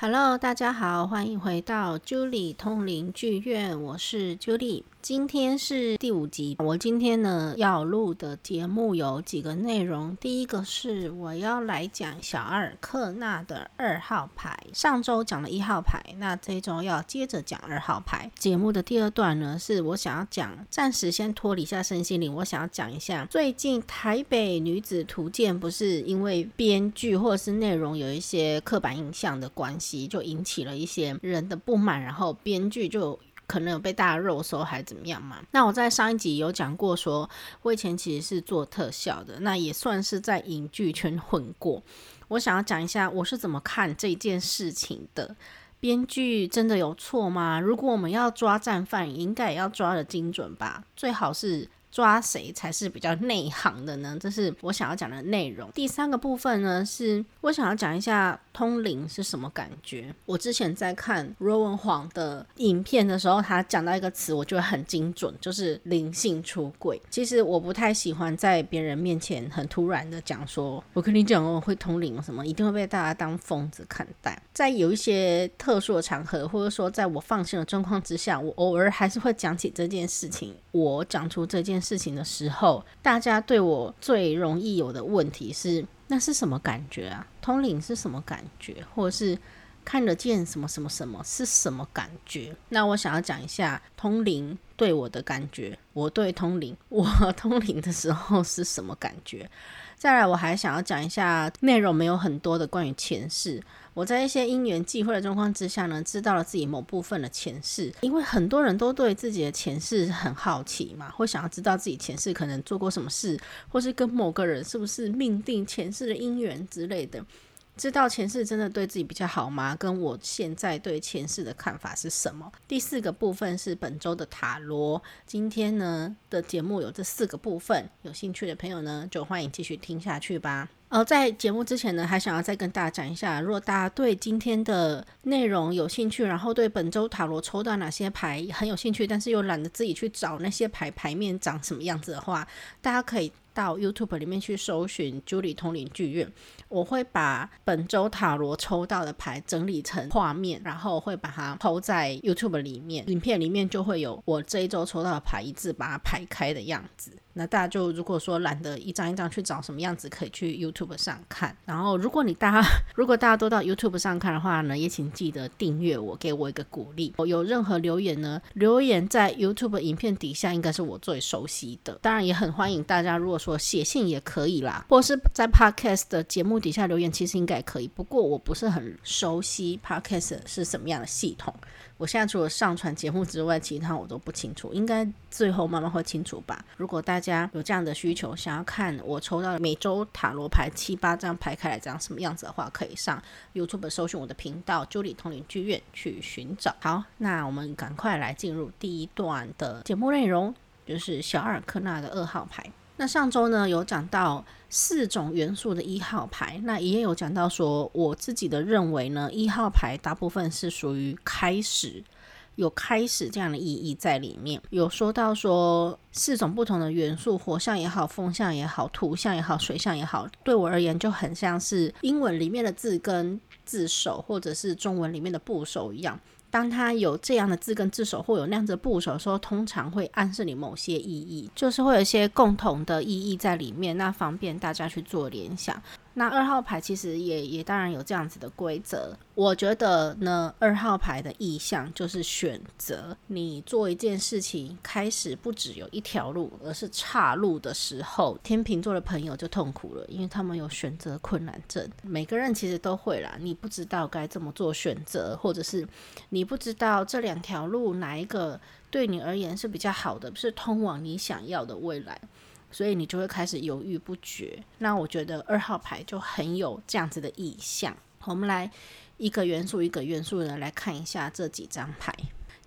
哈嘍，大家好，歡迎回到啾李通靈劇院，我是啾李。今天是第五集。我今天呢要錄的節目有幾個內容。第一個是我要來講小阿爾克納的二號牌。上周講了一號牌，那這周要接着講二號牌。節目的第二段呢，是我想要講，暫時先脫離一下身心靈。我想要講一下，最近台北女子圖鑑不是因為編劇或是內容有一些刻板印象的關係，就引起了一些人的不滿，然後編劇就。可能有被大家肉搜還是怎麼樣嘛？那我在上一集有講過說，說我以前其實是做特效的，那也算是在影劇圈混過。我想要講一下我是怎麼看這件事情的。編劇真的有錯嗎？如果我們要抓戰犯，應該也要抓得精準吧，最好是。抓誰才是比較內行的呢？這是我想要講的內容。第三個部分呢，是我想要講一下通靈是什麼感覺。我之前在看羅文皇的影片的時候，他講到一個詞，我覺得很精準，就是靈性出軌。其實我不太喜歡在別人面前很突然的講說，我跟你講我會通靈什麼，一定會被大家當瘋子看待。在有一些特殊的場合，或者說在我放心的狀況之下，我偶爾還是會講起這件事情。我講出這件。事情的時候，大家對我最容易有的問題是：那是什麼感覺啊？通靈是什麼感覺？或是看得見什麼什麼什麼是什麼感覺？那我想要講一下通靈對我的感覺，我對通靈，我通靈的時候是什麼感覺？再來，我還想要講一下內容沒有很多的關於前世。我在一些因緣際會的狀況之下呢，知道了自己某部分的前世。因為很多人都對自己的前世很好奇嘛，會想要知道自己前世可能做過什麼事，或是跟某個人是不是命定前世的姻緣之類的。知道前世真的對自己比較好嗎？跟我現在對前世的看法是什麼？第四個部分是本周的塔羅。今天呢的節目有這四個部分，有興趣的朋友呢就歡迎繼續聽下去吧。呃，在節目之前呢，還想要再跟大家講一下，如果大家對今天的內容有興趣，然後對本周塔羅抽到哪些牌很有興趣，但是又懶得自己去找那些牌牌面長什麼樣子的話，大家可以。到 YouTube 裡面去搜尋“啾李通靈劇院”，我會把本週塔羅抽到的牌整理成畫面，然後會把它投在 YouTube 裡面。影片裡面就會有我這一週抽到的牌一直把它排開的樣子。那大家就如果說懶得一張一張去找什麼樣子，可以去 YouTube 上看。然後，如果你大家如果大家都到 YouTube 上看的話呢，也請記得訂閱我，給我一個鼓勵。我有任何留言呢，留言在 YouTube 影片底下應該是我最熟悉的。當然，也很歡迎大家如果說寫信也可以啦，或是在 Podcast 的節目底下留言，其實應該也可以。不過，我不是很熟悉 Podcast 是什麼樣的系統。我現在除了上傳節目之外，其他我都不清楚，應該最後慢慢會清楚吧。如果大家有這樣的需求，想要看我抽到的每周塔羅牌七八張牌，開來長什麼樣子的話，可以上 YouTube 搜尋我的頻道 “Julie 通靈劇院”去尋找。好，那我們趕快來進入第一段的節目內容，就是小阿爾克納的二號牌。那上週呢，有講到四種元素的一號牌，那也有講到說，我自己的認為呢，一號牌大部分是屬於開始，有開始這樣的意義在裡面。有說到說四種不同的元素，火象也好，風象也好，土象也好，水象也好，對我而言就很像是英文裡面的字根字首，或者是中文裡面的部首一樣。當它有這樣的字根字首，或有那樣子部首的時候，說通常會暗示你某些意義，就是會有一些共同的意義在裡面，那方便大家去做聯想。那二號牌其實也也當然有這樣子的規則，我覺得呢，二號牌的意象就是選擇。你做一件事情開始不只有一條路，而是岔路的時候，天秤座的朋友就痛苦了，因為他們有選擇困難症。每個人其實都會啦，你不知道該怎麼做選擇，或者是你不知道這兩條路哪一個對你而言是比較好的，是通往你想要的未來。所以你就會開始猶豫不決。那我覺得二號牌就很有這樣子的意象。我們來一個元素一個元素的來看一下這幾張牌。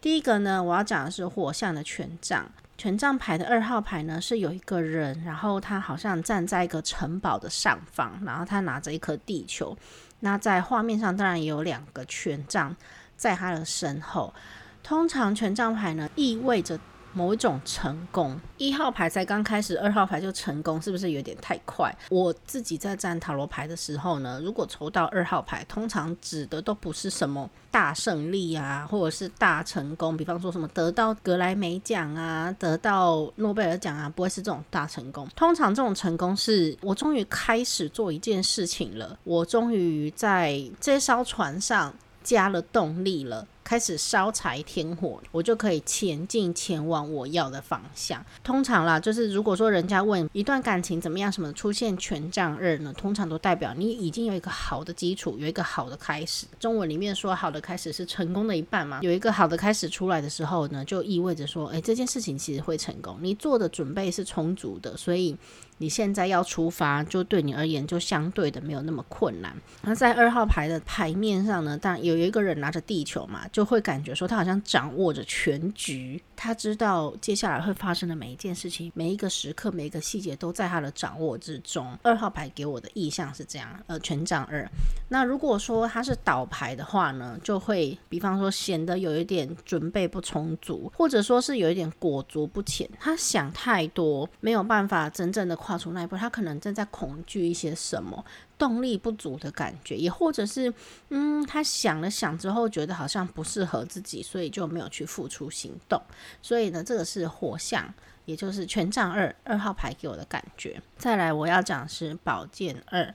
第一個呢，我要講的是火象的權杖。權杖牌的二號牌呢，是有一個人，然後他好像站在一個城堡的上方，然後他拿着一顆地球。那在畫面上當然也有兩個權杖在他的身後。通常權杖牌呢意味着，某一種成功，一號牌才剛開始，二號牌就成功，是不是有點太快？我自己在占塔羅牌的時候呢，如果抽到二號牌，通常指的都不是什麼大勝利啊，或者是大成功，比方說什麼得到格萊美獎啊，得到諾貝爾獎啊，不會是這種大成功。通常這種成功是我終於開始做一件事情了，我終於在這艘船上加了動力了。開始燒柴添火，我就可以前進前往我要的方向。通常啦，就是如果說人家問一段感情怎麼樣，什麼出現權杖二呢？通常都代表你已經有一個好的基礎，有一個好的開始。中文裡面說好的開始是成功的一半嘛，有一個好的開始出來的時候呢，就意味着說，誒、欸、這件事情其實會成功，你做的準備是充足的，所以你現在要出發，就對你而言就相對的沒有那麼困難。那在二號牌的牌面上呢，當然有一個人拿着地球嘛，就。就會感覺說他好像掌握着全局，他知道接下來會發生的每一件事情，每一個時刻，每一個細節都在他的掌握之中。二號牌給我的意向是這樣，呃，權杖二。那如果說他是倒牌的話呢，就會比方說顯得有一點準備不充足，或者說是有一點裹足不前，他想太多，沒有辦法真正的跨出那一步，他可能正在恐懼一些什麼。動力不足的感覺，也或者是，嗯，他想了想之後，覺得好像不適合自己，所以就沒有去付出行動。所以呢，這個是火象，也就是權杖二二號牌給我的感覺。再來，我要講是寶劍二，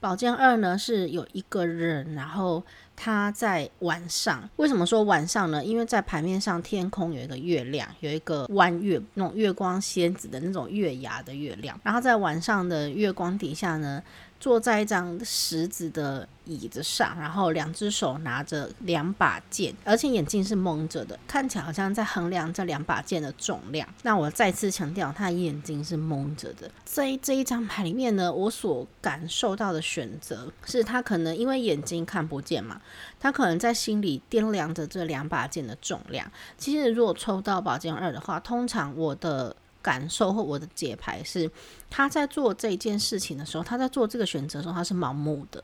寶劍二呢是有一個人，然後他在晚上。為什麼說晚上呢？因為在牌面上，天空有一個月亮，有一個彎月，那種月光仙子的那種月牙的月亮，然後在晚上的月光底下呢。坐在一張石子的椅子上，然後兩隻手拿着兩把劍，而且眼睛是矇着的，看起來好像在衡量這兩把劍的重量。那我再次強調，他眼睛是矇着的。在這一張牌裡面呢，我所感受到的選擇是他可能因為眼睛看不見嘛，他可能在心裡掂量着這兩把劍的重量。其實如果抽到寶劍二的話，通常我的。感受，或我的解牌是，他在做這件事情的時候，他在做這個選擇的時候，他是盲目的，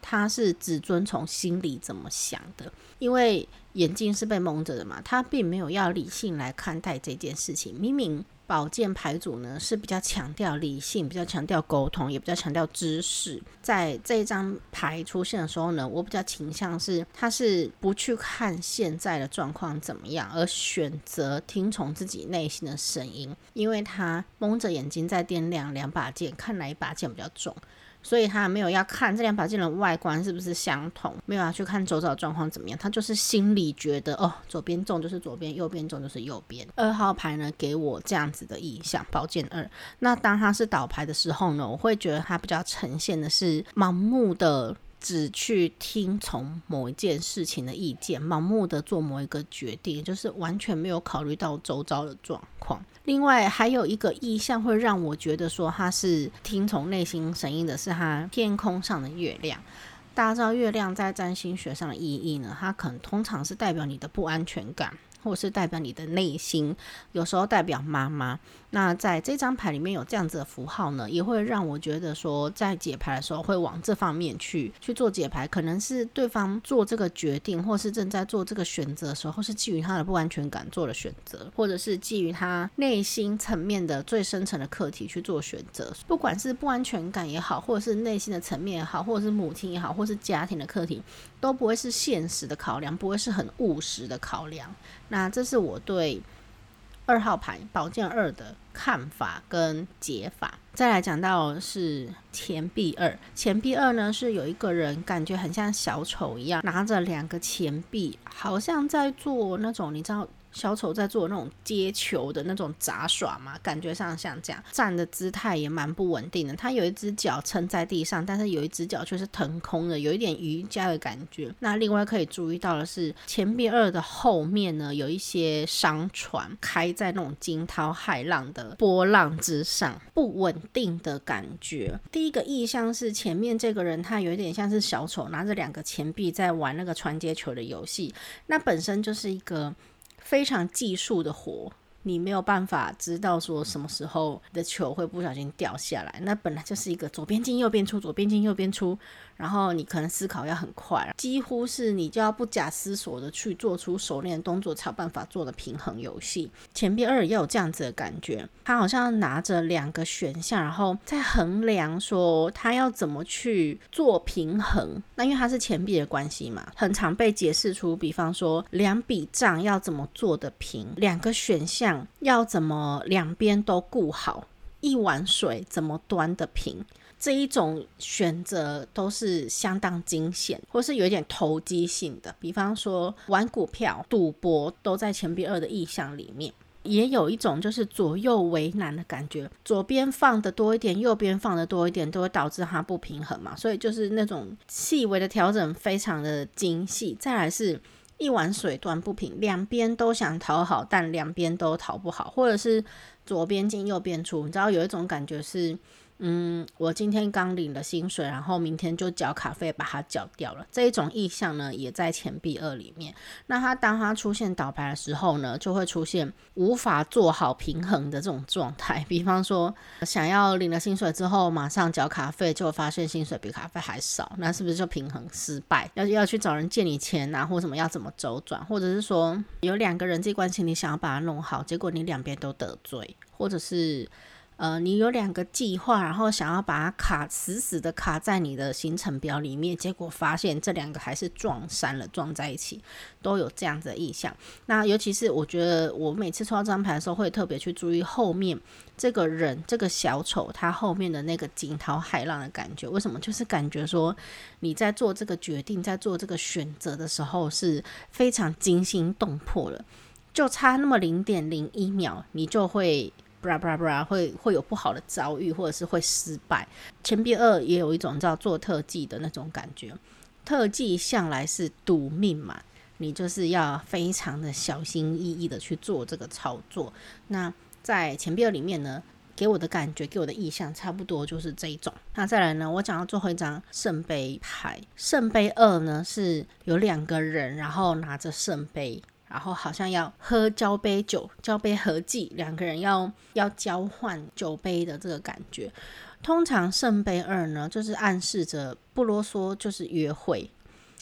他是只遵從心裡怎麼想的，因為眼睛是被蒙着的嘛，他並沒有要理性來看待這件事情，明明。寶劍牌組呢是比較強調理性，比較強調溝通，也比較強調知識。在這一張牌出現的時候呢，我比較傾向是他是不去看現在的狀況怎麼樣，而選擇聽從自己內心的聲音，因為他蒙着眼睛在掂量兩把劍，看哪一把劍比較重。所以他沒有要看這兩把劍的外觀是不是相同，沒有要去看周遭的狀況怎麼樣，他就是心裡覺得哦，左邊重就是左邊，右邊重就是右邊。二號牌呢，給我這樣子的印象，寶劍二。那當它是倒牌的時候呢，我會覺得它比較呈現的是盲目的，只去聽從某一件事情的意見，盲目的做某一個決定，就是完全沒有考慮到周遭的狀況。另外還有一個意象會讓我覺得說他是聽從內心聲音的，是他天空上的月亮。大家知道月亮在占星學上的意義呢？它可能通常是代表你的不安全感。或是代表你的內心，有時候代表媽媽。那在這張牌裡面有這樣子的符號呢，也會讓我覺得說，在解牌的時候會往這方面去去做解牌。可能是對方做這個決定，或是正在做這個選擇的時候，或是基於他的不安全感做了選擇，或者是基於他內心層面的最深層的課題去做選擇。不管是不安全感也好，或者是內心的層面也好，或者是母親也好，或者是家庭的課題，都不會是現實的考量，不會是很務實的考量。那這是我對二號牌寶劍二的看法跟解法。再來講到是錢幣二，錢幣二呢是有一個人感覺很像小丑一樣，拿着兩個錢幣，好像在做那種，你知道。小丑在做那種接球的那種雜耍嘛，感覺上像這樣站的姿態也蠻不穩定的。他有一隻腳撐在地上，但是有一隻腳卻是騰空的，有一點瑜伽的感覺。那另外可以注意到的是，錢幣二的後面呢，有一些商船開在那種驚濤駭浪的波浪之上，不穩定的感覺。第一個意象是前面這個人，他有一點像是小丑拿着兩個錢幣在玩那個傳接球的遊戲，那本身就是一個。非常技術的活，你沒有辦法知道說什麼時候的球會不小心掉下來。那本來就是一個左邊進右邊出，左邊進右邊出。然後你可能思考要很快，幾乎是你就要不假思索的去做出熟練的動作，才有辦法做的平衡遊戲。錢幣二也有這樣子的感覺，他好像拿着兩個選項，然後再衡量說他要怎麼去做平衡。那因為它是錢幣的關係嘛，很常被解釋出，比方說兩筆賬要怎麼做的平，兩個選項要怎麼兩邊都顧好，一碗水怎麼端的平。這一種選擇都是相當驚險，或是有一點投機性的。比方說玩股票、賭博，都在錢幣二的意象裡面。也有一種就是左右為難的感覺，左邊放的多一點，右邊放的多一點，都會導致它不平衡嘛。所以就是那種細微的調整非常的精細。再來是一碗水端不平，兩邊都想討好，但兩邊都討不好，或者是左邊進右邊出。你知道有一種感覺是，嗯，我今天剛領了薪水，然後明天就繳卡費，把它繳掉了。這一種意象呢，也在錢幣二裡面。那他當他出現倒牌的時候呢，就會出現無法做好平衡的這種狀態。比方說，想要領了薪水之後馬上繳卡費，就發現薪水比卡費還少，那是不是就平衡失敗？要要去找人借你錢啊，或什麼要怎麼週轉？或者是說，有兩個人際關係你想要把它弄好，結果你兩邊都得罪，或者是？呃，你有兩個計劃，然後想要把它卡死死的卡在你的行程表裡面，結果發現這兩個還是撞衫了，撞在一起，都有這樣子的意象。那尤其是我覺得，我每次抽到這張牌的時候，會特別去注意後面這個人，這個小丑他後面的那個驚濤駭浪的感覺。為什麼？就是感覺說你在做這個決定，在做這個選擇的時候是非常驚心動魄的，就差那麼零點零一秒，你就會。布拉布拉布拉，會會有不好的遭遇，或者是會失敗。錢幣二也有一種叫做特技的那種感覺，特技向來是賭命嘛，你就是要非常的小心翼翼的去做這個操作。那在錢幣二裡面呢，給我的感覺，給我的印象差不多就是這一種。那再來呢，我講到最後一張聖杯牌，聖杯二呢是有兩個人，然後拿着聖杯。然後好像要喝交杯酒，交杯合卺，兩個人要要交換酒杯的這個感覺。通常聖杯二呢，就是暗示着不囉嗦，就是約會，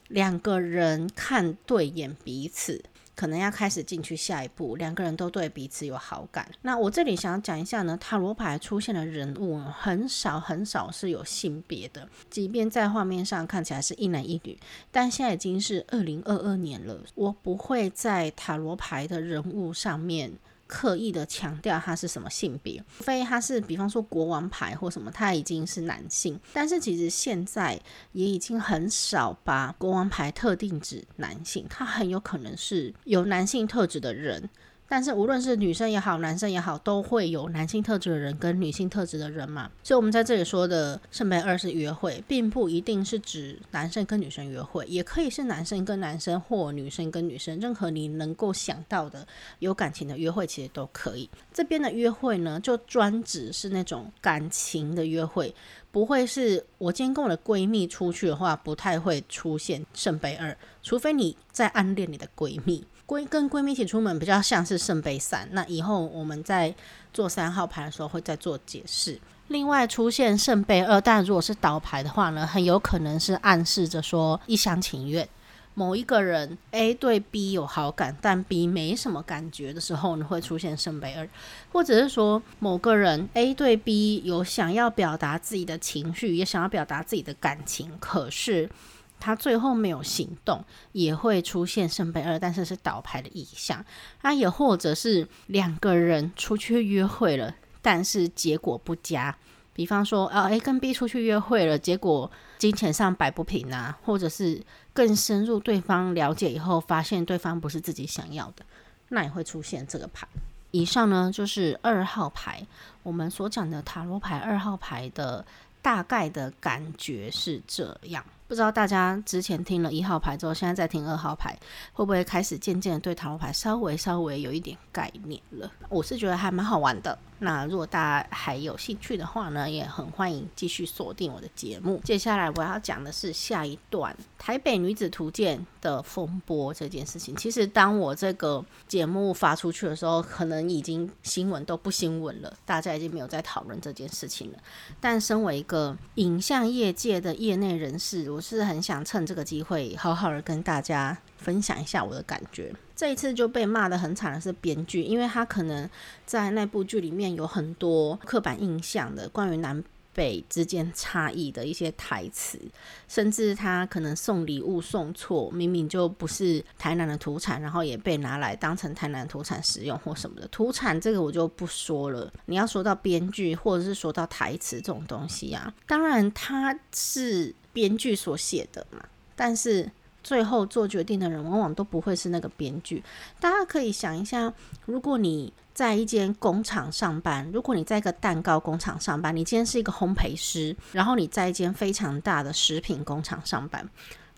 兩個人看對眼彼此。可能要開始進去下一步，兩個人都對彼此有好感。那我這裡想講一下呢，塔羅牌出現的人物很少很少是有性別的，即便在畫面上看起來是一男一女，但現在已經是二零二二年了，我不會在塔羅牌的人物上面。刻意的強調他是什麼性別，除非他是比方說國王牌或什麼，他已經是男性。但是其實現在也已經很少把國王牌特定指男性，他很有可能是有男性特質的人。但是無論是女生也好，男生也好，都會有男性特質的人跟女性特質的人嘛。所以，我們在這裡說的聖杯二是約會，並不一定是指男生跟女生約會，也可以是男生跟男生或女生跟女生，任何你能夠想到的有感情的約會，其實都可以。這邊的約會呢，就專指是那種感情的約會，不會是我今天跟我的閨蜜出去的話，不太會出現聖杯二，除非你在暗戀你的閨蜜。閨跟閨蜜一起出門比較像是聖杯三，那以後我們在做三號牌的時候會再做解釋。另外出現聖杯二，但如果是倒牌的話呢，很有可能是暗示着說一廂情願。某一個人 A 對 B 有好感，但 B 沒什麼感覺的時候呢，會出現聖杯二，或者是說某個人 A 對 B 有想要表達自己的情緒，也想要表達自己的感情，可是，他最後沒有行動，也會出現聖杯二，但是是倒牌的意象。啊，也或者是兩個人出去約會了，但是結果不佳。比方說，啊，A 跟 B 出去約會了，結果金錢上擺不平啊，或者是更深入對方了解以後，發現對方不是自己想要的，那也會出現這個牌。以上呢，就是二號牌。我們所講的塔羅牌二號牌的大概的感覺是這樣。不知道大家之前聽了一號牌之後，現在再聽二號牌，會不會開始漸漸的對塔羅牌稍微稍微有一點概念了？我是覺得還蠻好玩的。那如果大家還有興趣的話呢，也很歡迎繼續鎖定我的節目。接下來我要講的是下一段台北女子圖鑑的風波這件事情。其實當我這個節目發出去的時候，可能已經新聞都不新聞了，大家已經沒有在討論這件事情了。但身為一個影像業界的業內人士，我是很想趁這個機會好好的跟大家。分享一下我的感覺，這一次就被罵得很慘的是編劇，因為他可能在那部劇裡面有很多刻板印象的關於南北之間差異的一些台詞，甚至他可能送禮物送錯，明明就不是台南的土產，然後也被拿來當成台南土產使用或什麼的。土產這個我就不說了，你要說到編劇或者是說到台詞這種東西啊，當然他是編劇所寫的嘛，但是。最後做決定的人往往都不會是那個編劇。大家可以想一下，如果你在一間工廠上班，如果你在一個蛋糕工廠上班，你今天是一個烘焙師，然後你在一間非常大的食品工廠上班。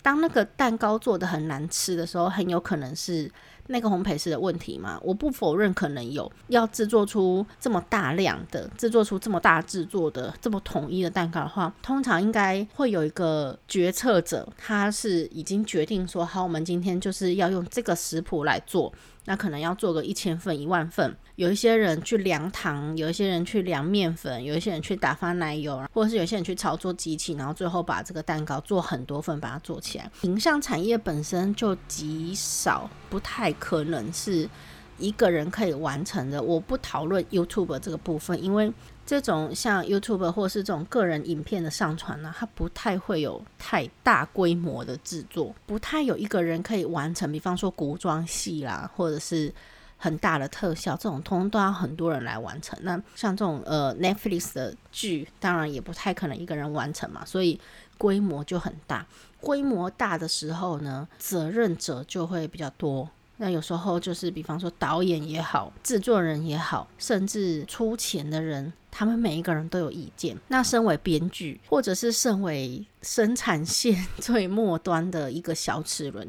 當那個蛋糕做的很難吃的時候，很有可能是那個烘焙師的問題嘛。我不否認可能有。要製作出這麼大量的、製作出這麼大製作的、這麼統一的蛋糕的話，通常應該會有一個決策者，他是已經決定說，好，我們今天就是要用這個食譜來做。那可能要做個一千份、一萬份，有一些人去量糖，有一些人去量麵粉，有一些人去打發奶油，或者是有些人去操作機器，然後最後把這個蛋糕做很多份，把它做起來。影像產業本身就極少，不太可能是一個人可以完成的。我不討論 YouTube 這個部分，因為。這種像 YouTube 或是這種個人影片的上傳呢，它不太會有太大規模的制作，不太有一個人可以完成。比方說古裝戲啦，或者是很大的特效，這種通通都要很多人來完成。那像這種呃 Netflix 的劇，當然也不太可能一個人完成嘛，所以規模就很大。規模大的時候呢，責任者就會比較多。那有時候就是，比方說導演也好，製作人也好，甚至出錢的人，他們每一個人都有意見。那身為編劇，或者是身為生產線最末端的一個小齒輪。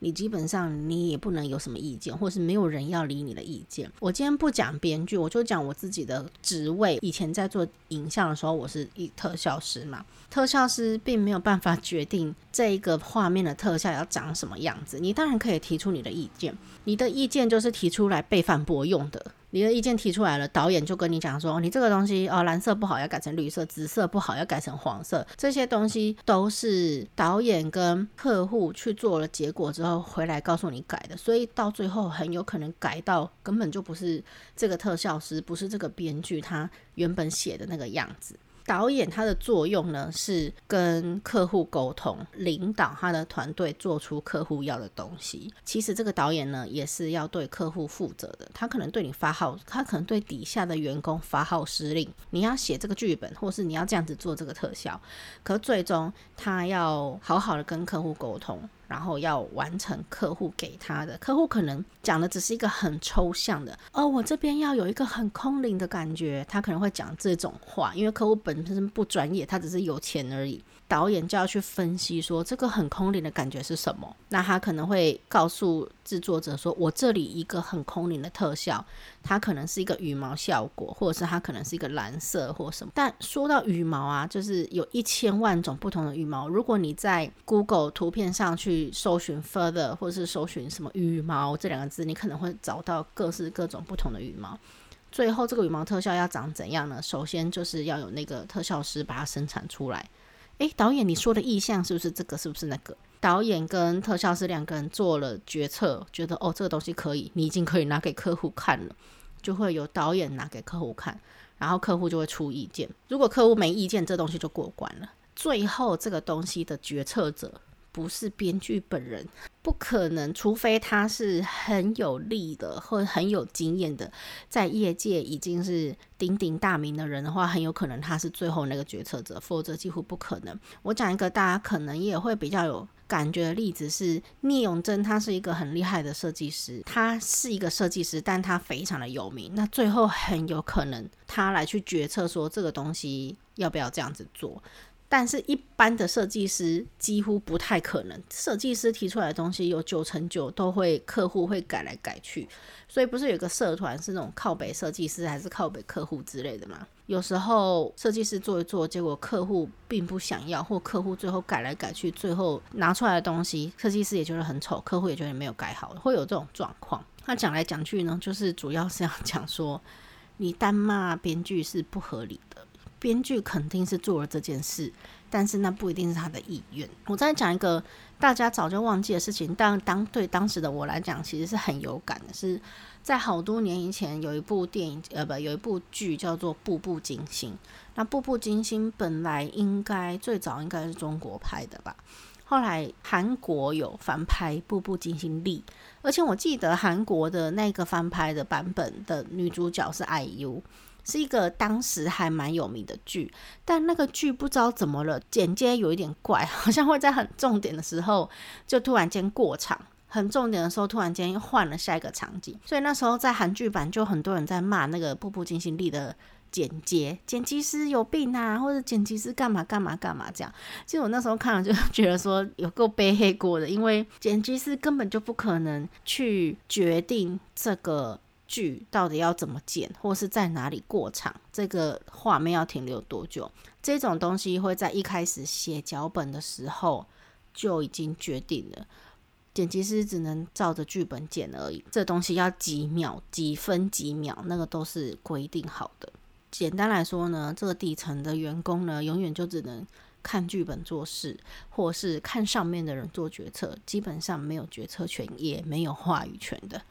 你基本上你也不能有什麼意見，或是沒有人要理你的意見。我今天不講編劇，我就講我自己的職位。以前在做影像的時候，我是一特效師嘛。特效師並沒有辦法決定這一個畫面的特效要長什麼樣子。你當然可以提出你的意見，你的意見就是提出來被反駁用的。你的意見提出來了，導演就跟你講說，你這個東西哦，藍色不好，要改成綠色；紫色不好，要改成黃色。這些東西都是導演跟客戶去做了結果之後回來告訴你改的，所以到最後很有可能改到根本就不是這個特效師，不是這個編劇他原本寫的那個樣子。導演他的作用呢，是跟客戶溝通，領導他的團隊做出客戶要的東西。其實這個導演呢，也是要對客戶負責的。他可能對你發號，他可能對底下的員工發號施令，你要寫這個劇本，或是你要這樣子做這個特效。可最終他要好好的跟客戶溝通。然後要完成客戶給他的，客戶可能講的只是一個很抽象的，而、哦、我這邊要有一個很空靈的感覺，他可能會講這種話，因為客戶本身不專業，他只是有錢而已。導演就要去分析說這個很空靈的感覺是什麼，那他可能會告訴制作者說：“我這裡一個很空靈的特效，它可能是一個羽毛效果，或者是它可能是一個藍色或什麼。”但說到羽毛啊，就是有一千萬種不同的羽毛。如果你在 Google 圖片上去搜尋 feather 或是搜尋什麼羽毛這兩個字，你可能會找到各式各種不同的羽毛。最後，這個羽毛特效要長怎樣呢？首先就是要有那個特效師把它生產出來。誒，導演，你說的意向是不是這個？是不是那個？導演跟特效師兩個人做了決策，覺得哦，這個東西可以，你已經可以拿給客戶看了，就會有導演拿給客戶看，然後客戶就會出意見。如果客戶沒意見，這東西就過關了。最後，這個東西的決策者不是編劇本人。不可能，除非他是很有力的，或者很有經驗的，在業界已經是鼎鼎大名的人的話，很有可能他是最後那個決策者，否則幾乎不可能。我講一個大家可能也會比較有感覺的例子是，聶永真，他是一個很厲害的設計師，他是一個設計師，但他非常的有名，那最後很有可能他來去決策說，這個東西要不要這樣子做。但是，一般的設計師幾乎不太可能。設計師提出來的東西，有九成九都會客戶會改來改去。所以，不是有個社團是那種靠北設計師還是靠北客戶之類的嗎？有時候設計師做一做，結果客戶並不想要，或客戶最後改來改去，最後拿出來的東西，設計師也覺得很醜，客戶也覺得沒有改好，會有這種狀況。他、啊、講來講去呢，就是主要是要講說，你單罵編劇是不合理。編劇肯定是做了這件事，但是那不一定是他的意願。我再講一個大家早就忘記的事情，但當對當時的我來講，其實是很有感的。是在好多年以前，有一部電影，呃，不，有一部劇叫做《步步驚心》。那《步步驚心》本來應該最早應該是中國拍的吧？後來韓國有翻拍《步步驚心》麗，而且我記得韓國的那個翻拍的版本的女主角是 IU。是一個當時還蠻有名的劇，但那個劇不知道怎麼了，剪接有一點怪，好像會在很重點的時候就突然間過場，很重點的時候突然間又換了下一個場景，所以那時候在韓劇版就很多人在罵那個《步步驚心》裡的剪接，剪輯師有病啊，或者剪輯師幹嘛幹嘛幹嘛這樣。其實我那時候看了就覺得說有夠背黑鍋的，因為剪輯師根本就不可能去決定這個。劇到底要怎麼剪，或是在哪裡過場，這個畫面要停留多久，這種東西會在一開始寫腳本的時候就已經決定了。剪輯師只能照着劇本剪而已，這東西要幾秒、幾分、幾秒，那個都是規定好的。簡單來說呢，這個底層的員工呢，永遠就只能看劇本做事，或是看上面的人做決策，基本上沒有決策權，也沒有話語權的。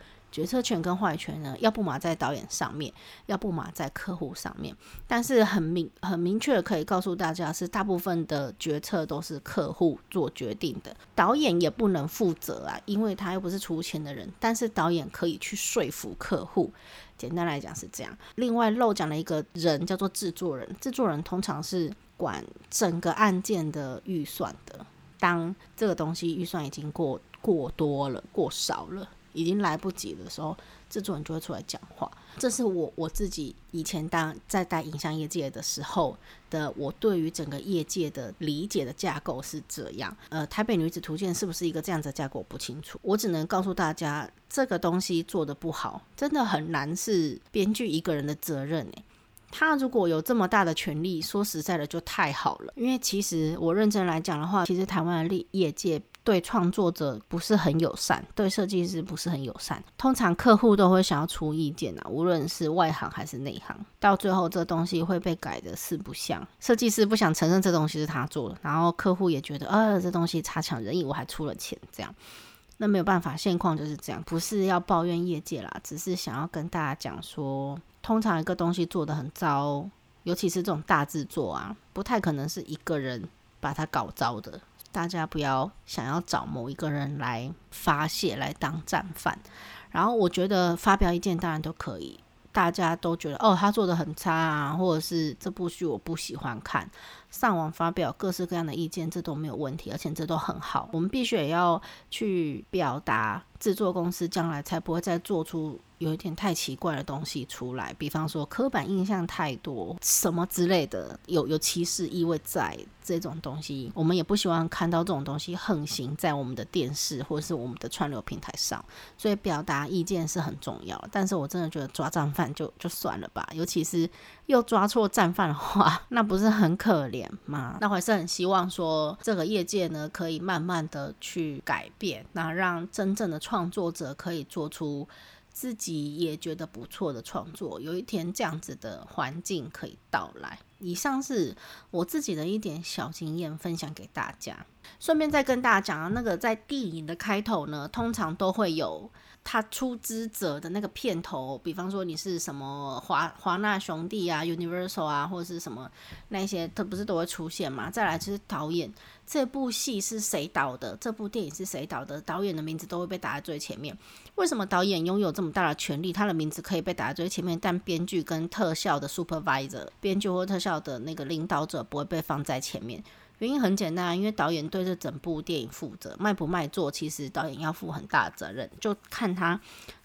決策權跟話語權呢，要不嘛在導演上面，要不嘛在客戶上面。但是很明很明確的可以告訴大家，是大部分的決策都是客戶做決定的，導演也不能負責啊，因為他又不是出錢的人。但是導演可以去說服客戶。簡單來講是這樣。另外漏講了一個人叫做制作人，制作人通常是管整個案件的預算的。當這個東西預算已經過過多了，過少了。已經來不及的時候，制作人就會出來講話。這是我我自己以前當在帶影像業界的時候的我對於整個業界的理解的架構是這樣。呃，台北女子圖鑑是不是一個這樣子的架構？我不清楚。我只能告訴大家，這個東西做得不好，真的很難是編劇一個人的責任、欸。誒，他如果有這麼大的權力，說實在的就太好了。因為其實我認真來講的話，其實台灣的歷業界。對創作者不是很友善，對設計師不是很友善。通常客戶都會想要出意見吶、啊，無論是外行還是內行，到最後這東西會被改的四不像。設計師不想承認這東西是他做的，然後客戶也覺得啊、哦，這東西差強人意，我還出了錢，這樣那沒有辦法，現況就是這樣。不是要抱怨業界啦，只是想要跟大家講說，通常一個東西做得很糟，尤其是這種大制作啊，不太可能是一個人把它搞糟的。大家不要想要找某一個人來發洩，來當戰犯。然後我覺得發表意見當然都可以，大家都覺得哦，他做的很差啊，或者是這部劇我不喜歡看。上網發表各式各樣的意見，這都沒有問題，而且這都很好。我們必須也要去表達，制作公司將來才不會再做出有一點太奇怪的東西出來。比方說刻板印象太多，什麼之類的，有有歧視意味在這種東西，我們也不希望看到這種東西橫行在我們的電視或者是我們的串流平台上。所以表達意見是很重要，但是我真的覺得抓戰犯就就算了吧，尤其是。又抓錯戰犯的話，那不是很可憐嗎？那我還是很希望說，這個業界呢，可以慢慢的去改變，那讓真正的創作者可以做出自己也覺得不錯的創作。有一天這樣子的環境可以到來。以上是我自己的一點小經驗分享給大家，順便再跟大家講啊，那個在電影的開頭呢，通常都會有。他出資者的那個片頭，比方說你是什麼華華納兄弟啊、Universal 啊，或者是什麼那些，他不是都會出現嗎？再來就是導演，這部戲是誰導的，這部電影是誰導的，導演的名字都會被打在最前面。為什麼導演擁有這麼大的權力？他的名字可以被打在最前面，但編劇跟特效的 Supervisor，編劇或特效的那個領導者不會被放在前面？原因很簡單，因為導演對這整部電影負責，賣不賣座，其實導演要負很大責任，就看他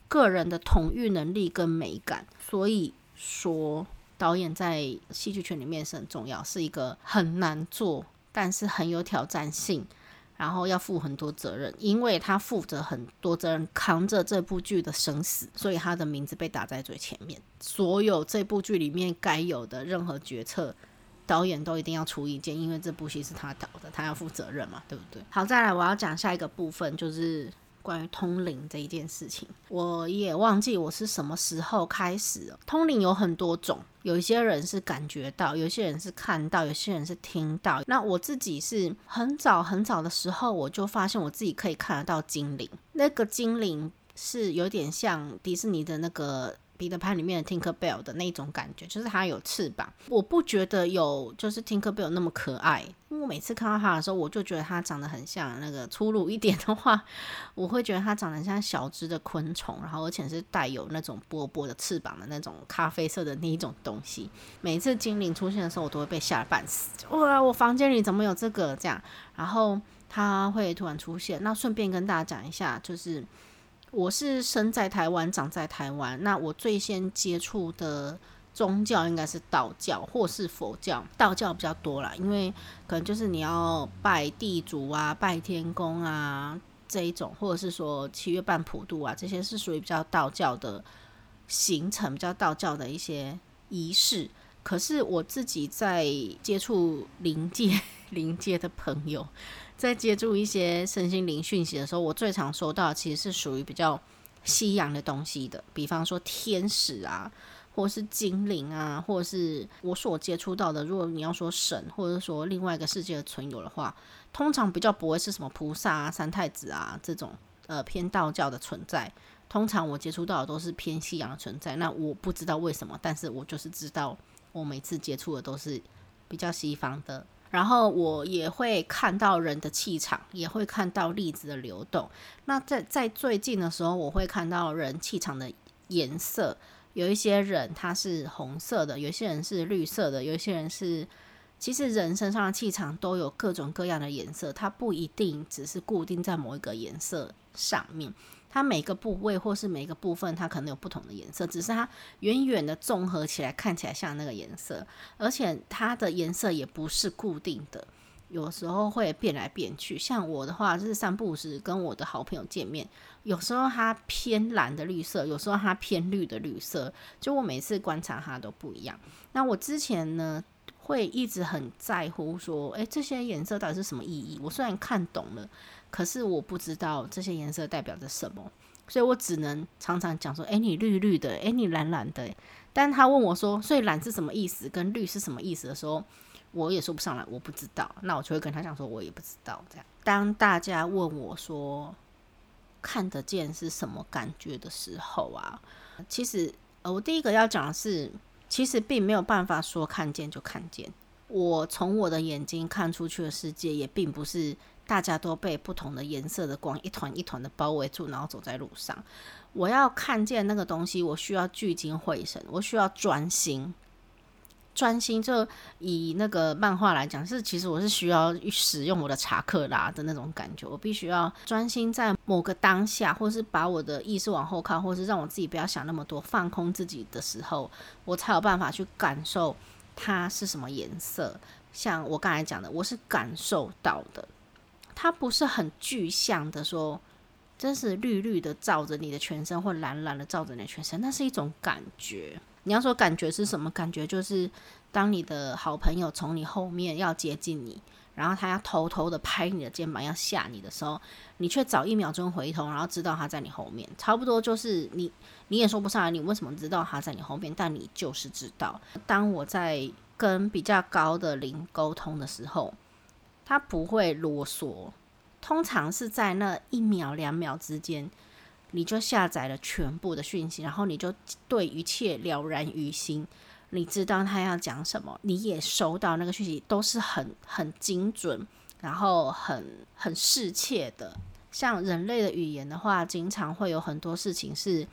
個人的統御能力跟美感。所以說，導演在戲劇圈裡面是很重要，是一個很難做，但是很有挑戰性，然後要負很多責任，因為他負責很多責任，扛着這部劇的生死，所以他的名字被打在最前面。所有這部劇裡面該有的任何決策。導演都一定要出意見，因為這部戲是他導的，他要負責任嘛，對不對？好，再來，我要講下一個部分，就是關於通靈這一件事情。我也忘記我是什麼時候開始通靈，有很多種，有一些人是感覺到，有些人是看到，有些人是聽到。那我自己是很早很早的時候，我就發現我自己可以看得到精靈，那個精靈是有點像迪士尼的那個。彼得潘裡面的 Tinker Bell 的那一種感覺，就是它有翅膀。我不覺得有，就是 Tinker Bell 那麼可愛。因為我每次看到它的時候，我就覺得它長得很像那個粗魯一點的話，我會覺得它長得像小只的昆蟲，然後而且是帶有那種波波的翅膀的那種咖啡色的那一種東西。每次精靈出現的時候，我都會被嚇半死。哇！我房間裡怎麼有這個？這樣，然後它會突然出現。那順便跟大家講一下，就是。我是生在台灣，長在台灣。那我最先接觸的宗教應該是道教或是佛教，道教比較多啦，因為可能就是你要拜地主啊、拜天公啊這一種，或者是說七月半普渡啊，這些是屬於比較道教的形成、比較道教的一些儀式。可是我自己在接觸靈界、靈界的朋友。在接觸一些身心靈訊息的時候，我最常收到其實是屬於比較西洋的東西的，比方說天使啊，或是精靈啊，或是我所接觸到的。如果你要說神，或者說另外一個世界的存有的話，通常比較不會是什麼菩薩啊、三太子啊這種呃偏道教的存在。通常我接觸到的都是偏西洋的存在。那我不知道為什麼，但是我就是知道，我每次接觸的都是比較西方的。然後我也會看到人的氣場，也會看到粒子的流動。那在在最近的時候，我會看到人氣場的顏色，有一些人他是紅色的，有些人是綠色的，有些人是……其實人身上的氣場都有各種各樣的顏色，它不一定只是固定在某一個顏色上面。它每個部位或是每個部分，它可能有不同的顏色，只是它遠遠的綜合起來看起來像那個顏色，而且它的顏色也不是固定的，有時候會變來變去。像我的話，就是三不五時跟我的好朋友見面，有時候它偏藍的綠色，有時候它偏綠的綠色，就我每次觀察它都不一樣。那我之前呢，會一直很在乎說，欸，這些顏色到底是什麼意義？我雖然看懂了。可是我不知道這些顏色代表着什麼，所以我只能常常講說：“哎，你綠綠的，哎，你藍藍的、欸。”但他問我說：“所以藍是什麼意思？跟綠是什麼意思？”的時候，我也說不上來，我不知道。那我就會跟他講說：“我也不知道。”這樣。當大家問我說看得見是什麼感覺的時候啊，其實呃，我第一個要講的是，其實並沒有辦法說看見就看見。我從我的眼睛看出去的世界，也並不是。大家都被不同的顏色的光一團一團的包圍住，然後走在路上。我要看見那個東西，我需要聚精會神，我需要專心。專心就以那個漫畫來講，是其實我是需要使用我的查克拉的那種感覺。我必須要專心在某個當下，或是把我的意識往後靠，或是讓我自己不要想那麼多，放空自己的時候，我才有辦法去感受它是什麼顏色。像我剛才講的，我是感受到的。它不是很具象的說，真是綠綠的照着你的全身，或藍藍的照着你的全身，那是一種感覺。你要說感覺是什麼感覺，就是當你的好朋友從你後面要接近你，然後他要偷偷的拍你的肩膀要嚇你的時候，你卻早一秒鐘回頭，然後知道他在你後面。差不多就是你你也說不上來你為什麼知道他在你後面，但你就是知道。當我在跟比較高的靈溝通的時候，他不會囉嗦，通常是在那一秒兩秒之間，你就下載了全部的訊息，然後你就對一切了然於心。你知道他要講什麼，你也收到那個訊息，都是很很精準，然後很很適切的。像人類的語言的話，經常會有很多事情是。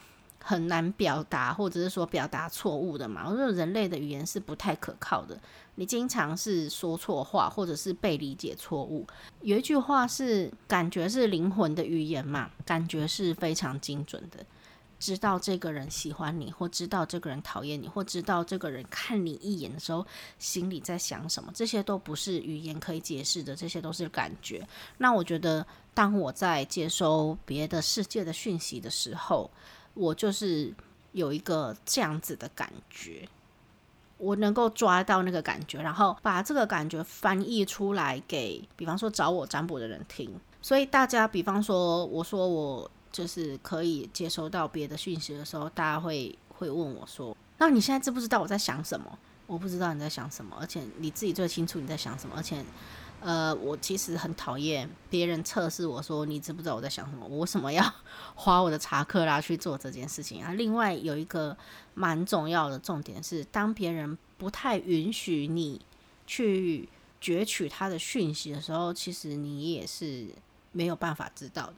很難表達，或者是說表達錯誤的嘛。我說人類的語言是不太可靠的，你經常是說錯話，或者是被理解錯誤。有一句話是“感覺是靈魂的語言”嘛，感覺是非常精準的，知道這個人喜歡你，或知道這個人討厭你，或知道這個人看你一眼的時候，心裡在想什麼，這些都不是語言可以解釋的，這些都是感覺。那我覺得，當我在接收別的世界的訊息的時候，我就是有一個這樣子的感覺，我能夠抓到那個感覺，然後把這個感覺翻譯出來給，比方說找我占卜的人聽。所以大家，比方說我說我就是可以接收到別的訊息的時候，大家會會問我說：“那你現在知不知道我在想什麼？”我不知道你在想什麼，而且你自己最清楚你在想什麼，而且。呃，我其實很討厭別人測試我說，你知不知道我在想什麼？我為什麼要花我的查克拉去做這件事情啊？另外有一個蠻重要的重點是，當別人不太允許你去攫取他的訊息的時候，其實你也是沒有辦法知道的。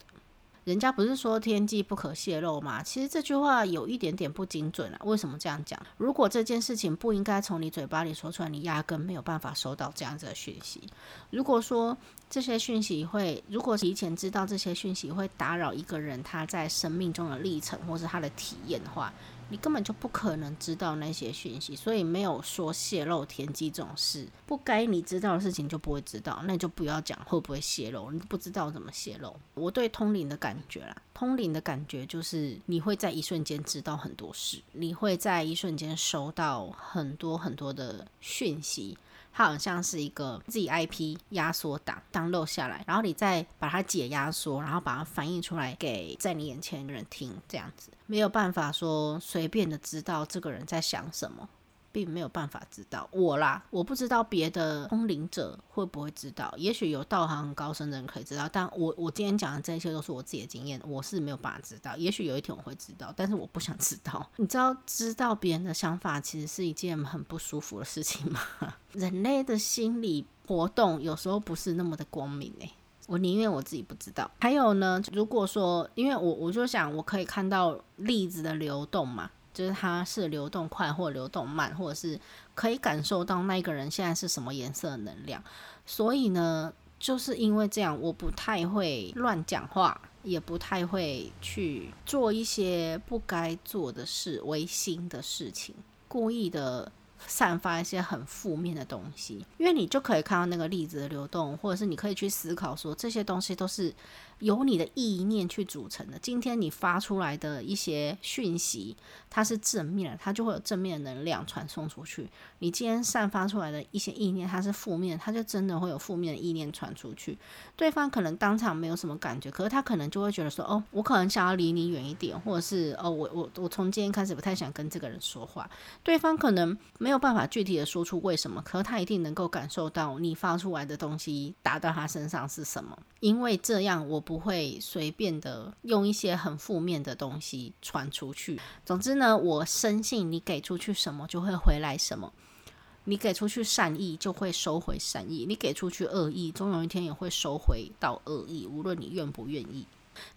人家不是說天機不可洩露嗎？其實這句話有一點點不精準啊。為什麼這樣講？如果這件事情不應該從你嘴巴裡說出來，你壓根沒有辦法收到這樣子的訊息。如果說這些訊息會，如果提前知道這些訊息會打擾一個人他在生命中的歷程或是他的體驗的話。你根本就不可能知道那些訊息，所以沒有說洩露天機這種事。不該你知道的事情就不會知道，那就不要講會不會洩露。你不知道怎麼洩露。我對通靈的感覺啦，通靈的感覺就是你會在一瞬間知道很多事，你會在一瞬間收到很多很多的訊息。它好像是一個 zip 壓縮檔，download 下來，然後你再把它解壓縮，然後把它反映出來給在你眼前的人聽，這樣子沒有辦法說隨便的知道這個人在想什麼。並沒有辦法知道我啦，我不知道別的通靈者會不會知道，也許有道行高深的人可以知道，但我我今天講的這一些都是我自己的經驗，我是沒有辦法知道，也許有一天我會知道，但是我不想知道。你知道知道別人的想法其實是一件很不舒服的事情嗎？人類的心理活動有時候不是那麼的光明欸，我寧願我自己不知道。還有呢，如果說因為我我就想我可以看到粒子的流動嘛。就是它是流動快或流動慢，或者是可以感受到那個人現在是什麼顏色的能量。所以呢，就是因為這樣，我不太會亂講話，也不太會去做一些不該做的事、違心的事情，故意的散發一些很負面的東西。因為你就可以看到那個粒子的流動，或者是你可以去思考說這些東西都是。由你的意念去組成的，今天你發出來的一些訊息，它是正面，它就會有正面的能量傳送出去。你今天散發出來的一些意念，它是負面，它就真的會有負面的意念傳出去。對方可能當場沒有什麼感覺，可是他可能就會覺得說，哦，我可能想要離你遠一點，或者是，哦，我我我從今天開始不太想跟這個人說話。對方可能沒有辦法具體的說出為什麼，可是他一定能夠感受到你發出來的東西打到他身上是什麼。因為這樣我。不會隨便的用一些很負面的東西傳出去。總之呢，我深信你給出去什麼就會回來什麼。你給出去善意就會收回善意，你給出去惡意，總有一天也會收回到惡意，無論你願不願意。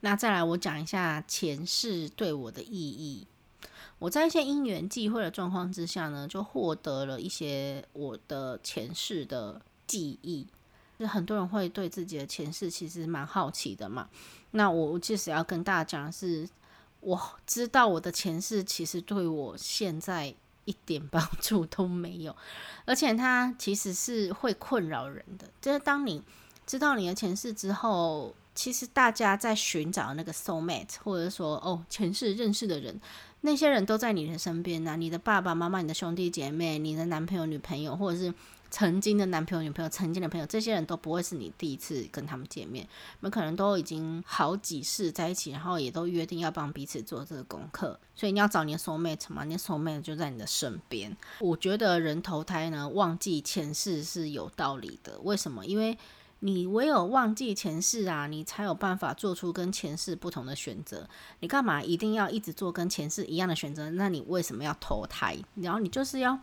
那再來，我講一下前世對我的意義。我在一些因緣際會的狀況之下呢，就獲得了一些我的前世的記憶。就很多人會對自己的前世其實蠻好奇的嘛。那我其實要跟大家講的是，我知道我的前世其實對我現在一點幫助都沒有，而且它其實是會困擾人的。就是當你知道你的前世之後，其實大家在尋找那個 soulmate，或者說哦，前世認識的人，那些人都在你的身邊啊，你的爸爸媽媽、你的兄弟姐妹、你的男朋友、女朋友，或者是。曾經的男朋友、女朋友、曾經的朋友，這些人都不會是你第一次跟他們見面，你們可能都已經好幾世在一起，然後也都約定要幫彼此做這個功課。所以你要找你的 soul mate 嗎？你的 soul mate 就在你的身邊。我覺得人投胎呢，忘記前世是有道理的。為什麼？因為你唯有忘記前世啊，你才有辦法做出跟前世不同的選擇。你幹嘛一定要一直做跟前世一樣的選擇？那你為什麼要投胎？然後你就是要。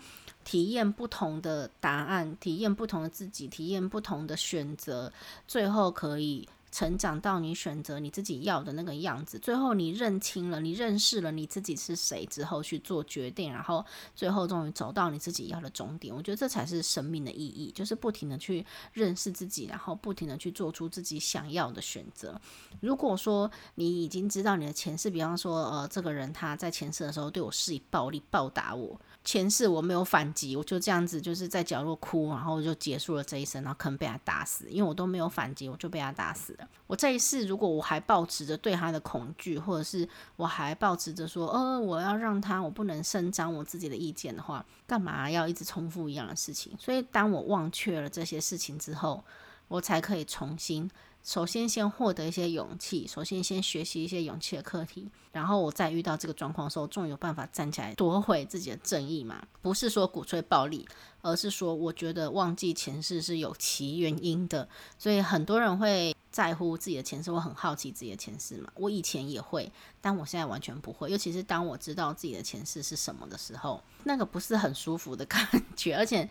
體驗不同的答案，體驗不同的自己，體驗不同的選擇，最後可以成長到你選擇你自己要的那個樣子。最後你認清了，你認識了你自己是誰之後去做決定，然後最後終於走到你自己要的終點。我覺得這才是生命的意義，就是不停地去認識自己，然後不停地去做出自己想要的選擇。如果說你已經知道你的前世，比方說呃，這個人他在前世的時候對我施以暴力，暴打我。前世我沒有反擊，我就這樣子，就是在角落哭，然後我就結束了這一生，然後可能被他打死，因為我都沒有反擊，我就被他打死了。我這一世如果我還保持着對他的恐懼，或者是我還保持着說，呃，我要讓他，我不能伸張我自己的意見的話，幹嘛要一直重複一樣的事情？所以當我忘卻了這些事情之後，我才可以重新。首先，先獲得一些勇氣。首先，先學習一些勇氣的課題。然後，我再遇到這個狀況的時候，終於有辦法站起來奪回自己的正義嘛？不是說鼓吹暴力，而是說，我覺得忘記前世是有其原因的。所以，很多人會在乎自己的前世。我很好奇自己的前世嘛。我以前也會，但我現在完全不會。尤其是當我知道自己的前世是什麼的時候，那個不是很舒服的感覺，而且。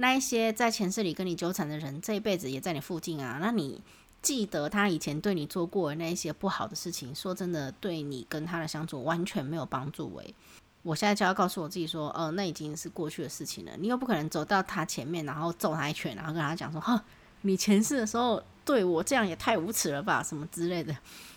那一些在前世裡跟你糾纏的人，這一輩子也在你附近啊。那你記得他以前對你做過的那一些不好的事情，說真的，對你跟他的相處完全沒有幫助，欸。哎，我現在就要告訴我自己說，呃，那已經是過去的事情了。你又不可能走到他前面，然後揍他一拳，然後跟他講說，哈，你前世的時候對我這樣也太無恥了吧，什麼之類的。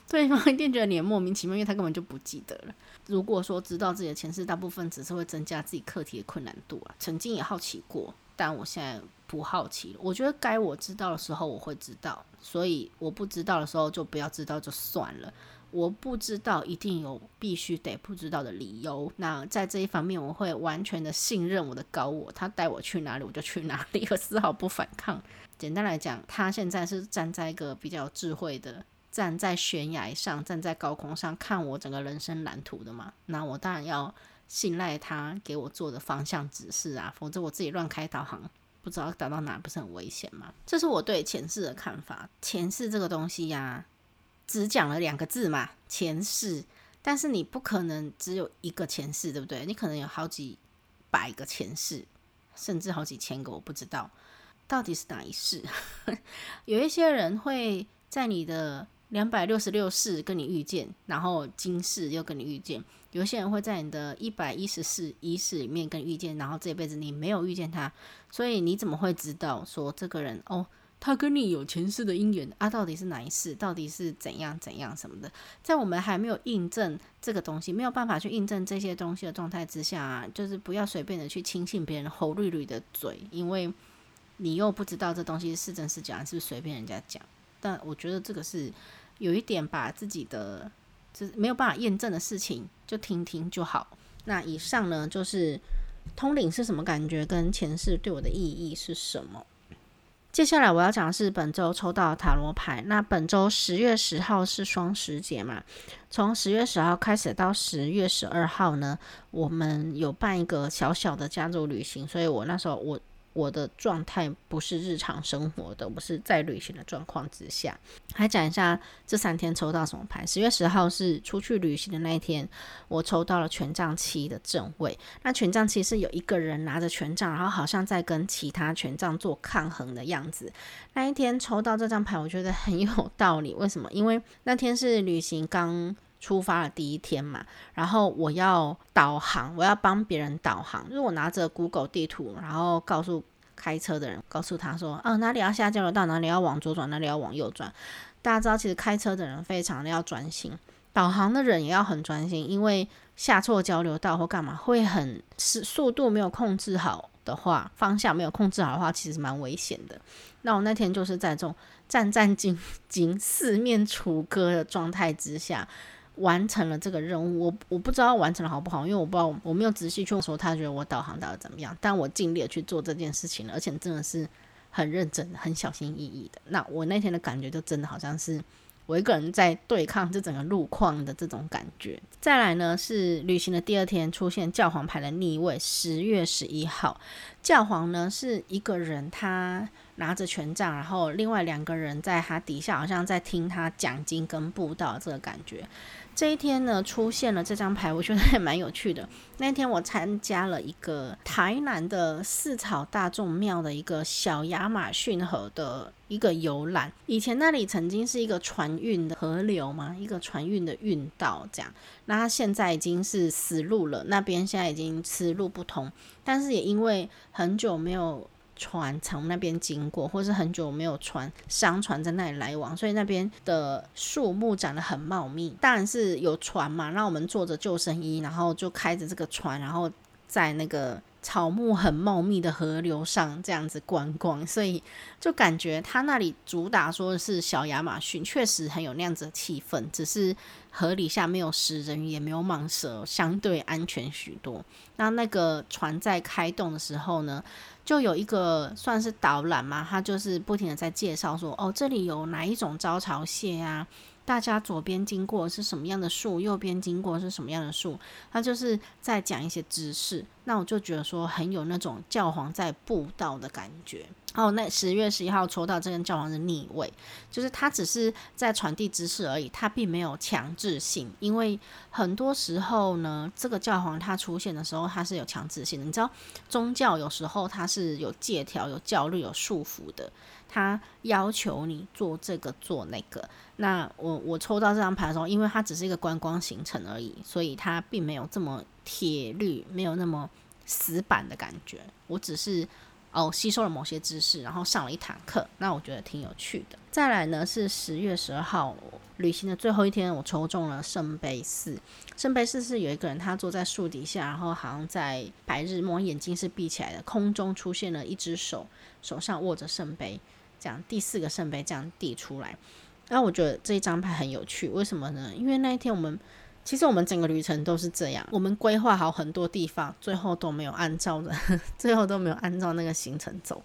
對方一定覺得你莫名其妙，因為他根本就不記得了。如果說知道自己的前世，大部分只是會增加自己課題的困難度啊。曾經也好奇過。但我現在不好奇，我覺得該我知道的時候我會知道，所以我不知道的時候就不要知道就算了。我不知道一定有必須得不知道的理由。那在這一方面，我會完全的信任我的高我，他帶我去哪裡我就去哪裡，我絲毫不反抗。簡單來講，他現在是站在一個比較智慧的，站在懸崖上，站在高空上看我整個人生藍圖的嘛，那我當然要。信賴他給我做的方向指示啊，否則我自己亂開導航，不知道導到哪，不是很危險嗎？這是我對前世的看法。前世這個東西呀、啊，只講了兩個字嘛，前世。但是你不可能只有一個前世，對不對？你可能有好幾百個前世，甚至好幾千個，我不知道到底是哪一世。 有一些人會在你的。兩百六十六世跟你遇見，然後今世又跟你遇見。有些人會在你的一百一十四一世裡面跟你遇見，然後這一輩子你沒有遇見他，所以你怎麼會知道說這個人哦，他跟你有前世的姻緣啊？到底是哪一世？到底是怎樣怎樣什麼的？在我們還沒有印證這個東西，沒有辦法去印證這些東西的狀態之下啊，就是不要隨便的去輕信別人吼綠綠的嘴，因為你又不知道這東西是是真是假，是不是隨便人家講。但我覺得這個是。有一點把自己的這、就是、沒有辦法驗證的事情就聽聽就好。那以上呢，就是通靈是什麼感覺，跟前世對我的意義是什麼。接下來我要講的是本週抽到塔羅牌。那本週十月十號是雙十節嘛？從十月十號開始到十月十二號呢，我們有辦一個小小的家族旅行，所以我那時候我，我的狀態不是日常生活的，我是在旅行的狀況之下。還講一下這三天抽到什麼牌。十月十號是出去旅行的那一天，我抽到了權杖七的正位。那權杖七是有一個人拿着權杖，然後好像在跟其他權杖做抗衡的樣子。那一天抽到這張牌，我覺得很有道理。為什麼？因為那天是旅行剛出發的第一天嘛，然後我要導航，我要幫別人導航。如果拿着 Google 地圖，然後告訴開車的人，告訴他說，啊哪裡要下交流道，哪裡要往左轉，哪裡要往右轉。大家知道，其實開車的人非常的要專心，導航的人也要很專心，因為下錯交流道或幹嘛，會很是速度沒有控制好的話，方向沒有控制好的話，其實蠻危險的。那我那天就是在這種戰戰兢兢、四面楚歌的狀態之下。完成了這個任務，我我不知道完成了好不好，因為我不知道我沒有仔細去說他覺得我導航導得怎麼樣，但我盡力去做這件事情了，而且真的是很認真、很小心翼翼的。那我那天的感覺就真的好像是我一個人在對抗這整個路況的這種感覺。再來呢，是旅行的第二天出現教皇牌的逆位，十月十一號，教皇呢是一個人，他拿着權杖，然後另外兩個人在他底下，好像在聽他講經跟布道這個感覺。這一天呢，出現了這張牌，我覺得還蠻有趣的。那天我參加了一個台南的四草大眾廟的一個小亞馬遜河的一個遊覽。以前那裡曾經是一個船運的河流嘛，一個船運的運道這樣。那它現在已經是死路了，那邊現在已經此路不通。但是也因為很久沒有，船從那邊經過，或是很久沒有船，商船在那裡來往，所以那邊的樹木長得很茂密。當然是有船嘛，那我們坐着救生衣，然後就開着這個船，然後在那個。草木很茂密的河流上這樣子觀光，所以就感覺他那裡主打說的是小亞馬遜，確實很有那樣子的氣氛。只是河底下沒有食人魚，也沒有蟒蛇，相對安全許多。那那個船在開動的時候呢，就有一個算是導覽嘛，他就是不停的在介紹說，哦，這裡有哪一種招潮蟹啊。大家左邊經過是什麼樣的樹，右邊經過是什麼樣的樹，他就是在講一些知識。那我就覺得說很有那種教皇在布道的感覺。哦，那十月十一號抽到這個教皇的逆位，就是他只是在傳遞知識而已，他並沒有強制性。因為很多時候呢，這個教皇他出現的時候他是有強制性的，你知道宗教有時候他是有戒條、有教律、有束縛的。他要求你做這個做那個。那我我抽到這張牌的時候，因為它只是一個觀光行程而已，所以它並沒有這麼鐵律，沒有那麼死板的感覺。我只是哦吸收了某些知識，然後上了一堂課。那我覺得挺有趣的。再來呢是十月十二號旅行的最後一天，我抽中了聖杯四。聖杯四是有一個人他坐在樹底下，然後好像在白日夢，眼睛是閉起來的，空中出現了一隻手，手上握着聖杯。講第四個聖杯這樣遞出來，那、啊、我覺得這一張牌很有趣，為什麼呢？因為那一天我們其實我們整個旅程都是這樣，我們規劃好很多地方，最後都沒有按照的，最後都沒有按照那個行程走。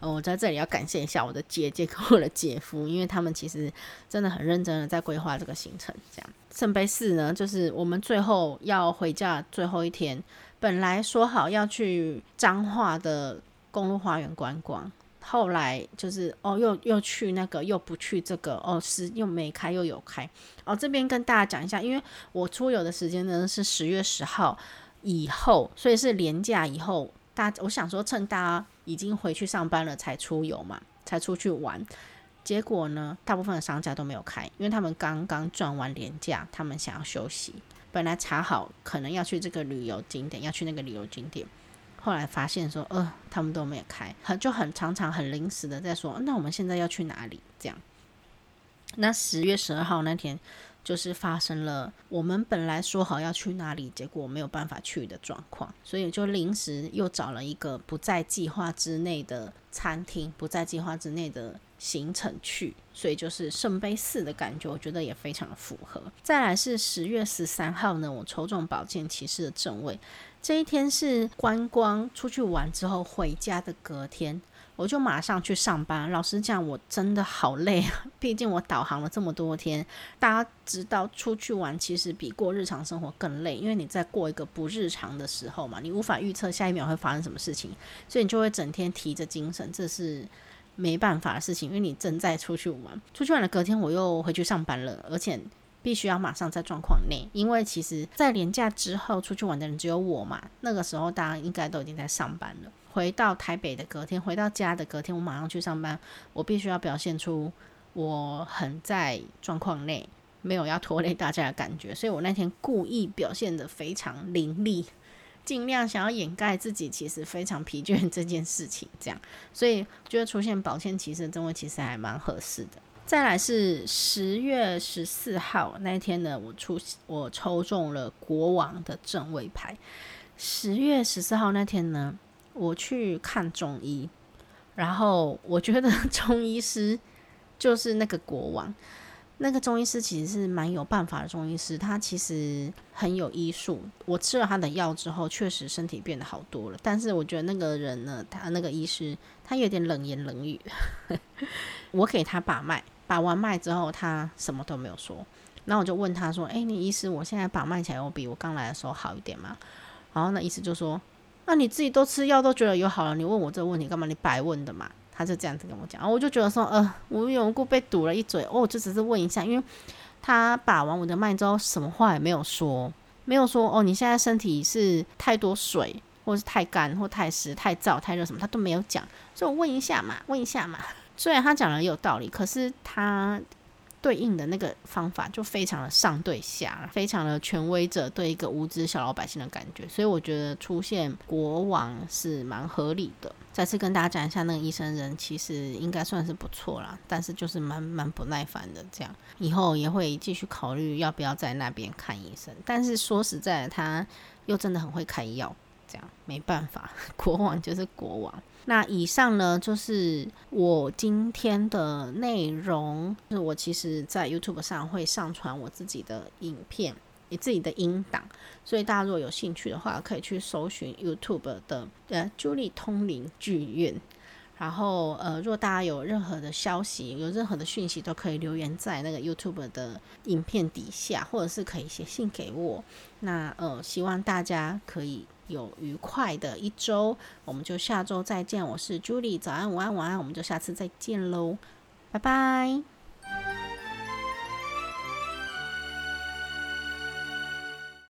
啊、我在這裡要感謝一下我的姐姐跟我的姐夫，因為他們其實真的很認真的在規劃這個行程。這樣聖杯四呢，就是我們最後要回家最後一天，本來說好要去彰化的公路花園觀光。後來就是哦，又又去那個，又不去這個哦，是又沒開又有開哦。這邊跟大家講一下，因為我出遊的時間呢是十月十號以後，所以是連假以後。大我想說趁大家已經回去上班了才出遊嘛，才出去玩。結果呢，大部分的商家都沒有開，因為他們剛剛賺完連假，他們想要休息。本來查好可能要去這個旅遊景點，要去那個旅遊景點，後來發現說，呃，他們都沒有開，很就很常常很臨時的在說，哦，那我們現在要去哪裡？這樣，那十月十二號那天就是發生了，我們本來說好要去哪裡，結果沒有辦法去的狀況，所以就臨時又找了一個不在計劃之內的餐廳，不在計劃之內的行程去，所以就是聖杯四的感覺，我覺得也非常的符合。再來是十月十三號呢，我抽中寶劍騎士的正位。這一天是觀光出去玩之後回家的隔天，我就馬上去上班。老實講，我真的好累啊！畢竟我導航了這麼多天。大家知道，出去玩其實比過日常生活更累，因為你在過一個不日常的時候嘛，你無法預測下一秒會發生什麼事情，所以你就會整天提着精神，這是沒辦法的事情，因為你正在出去玩。出去玩的隔天，我又回去上班了，而且。必須要馬上在狀況內，因為其實，在年假之後出去玩的人只有我嘛。那個時候大家應該都已經在上班了。回到台北的隔天，回到家的隔天，我馬上去上班。我必須要表現出我很在狀況內，沒有要拖累大家的感覺。所以我那天故意表現得非常凌厲，儘量想要掩蓋自己其實非常疲倦這件事情。這樣，所以就會出現寶劍騎士其實這的其實還蠻合適的。再來是十月十四號那天呢，我出我抽中了國王的正位牌。十月十四號那天呢，我去看中醫，然後我覺得中醫師就是那個國王。那個中醫師其實是蠻有辦法的中醫師，他其實很有醫術。我吃了他的藥之後，確實身體變得好多了。但是我覺得那個人呢，他那個醫師他有點冷言冷語。呵呵，我給他把脈。把完脈之後，他什麼都沒有說。那我就問他說：“誒、欸，你意思我現在把脈起來，我比我剛來的時候好一點嗎？”然後那醫師就說：“那你自己都吃藥都覺得有好了，你問我這個問題幹嘛？你白問的嘛。”他就這樣子跟我講。然後我就覺得說：“呃，無緣無故被堵了一嘴哦，就只是問一下，因為他把完我的脈之後，什麼話也沒有說，沒有說哦，你現在身體是太多水，或是太乾，或太濕、太燥、太熱什麼，他都沒有講，所以我問一下嘛，問一下嘛。”雖然他講的也有道理，可是他對應的那個方法就非常的上對下，非常的權威者對一個無知小老百姓的感覺，所以我覺得出現國王是蠻合理的。再次跟大家講一下，那個醫生人其實應該算是不錯啦，但是就是蠻蠻不耐煩的這樣，以後也會繼續考慮要不要在那邊看醫生。但是說實在的，他又真的很會開藥，這樣沒辦法，國王就是國王。那以上呢，就是我今天的內容。就是我其實，在 YouTube 上會上傳我自己的影片，你自己的音檔，所以大家如果有興趣的話，可以去搜尋 YouTube 的呃 Julie 通靈劇院。然後，呃，若大家有任何的消息、有任何的訊息，都可以留言在那個 YouTube 的影片底下，或者是可以寫信給我。那，呃，希望大家可以有愉快的一周，我們就下周再見。我是 Julie，早安、午安、晚安，我們就下次再見嘍，拜拜。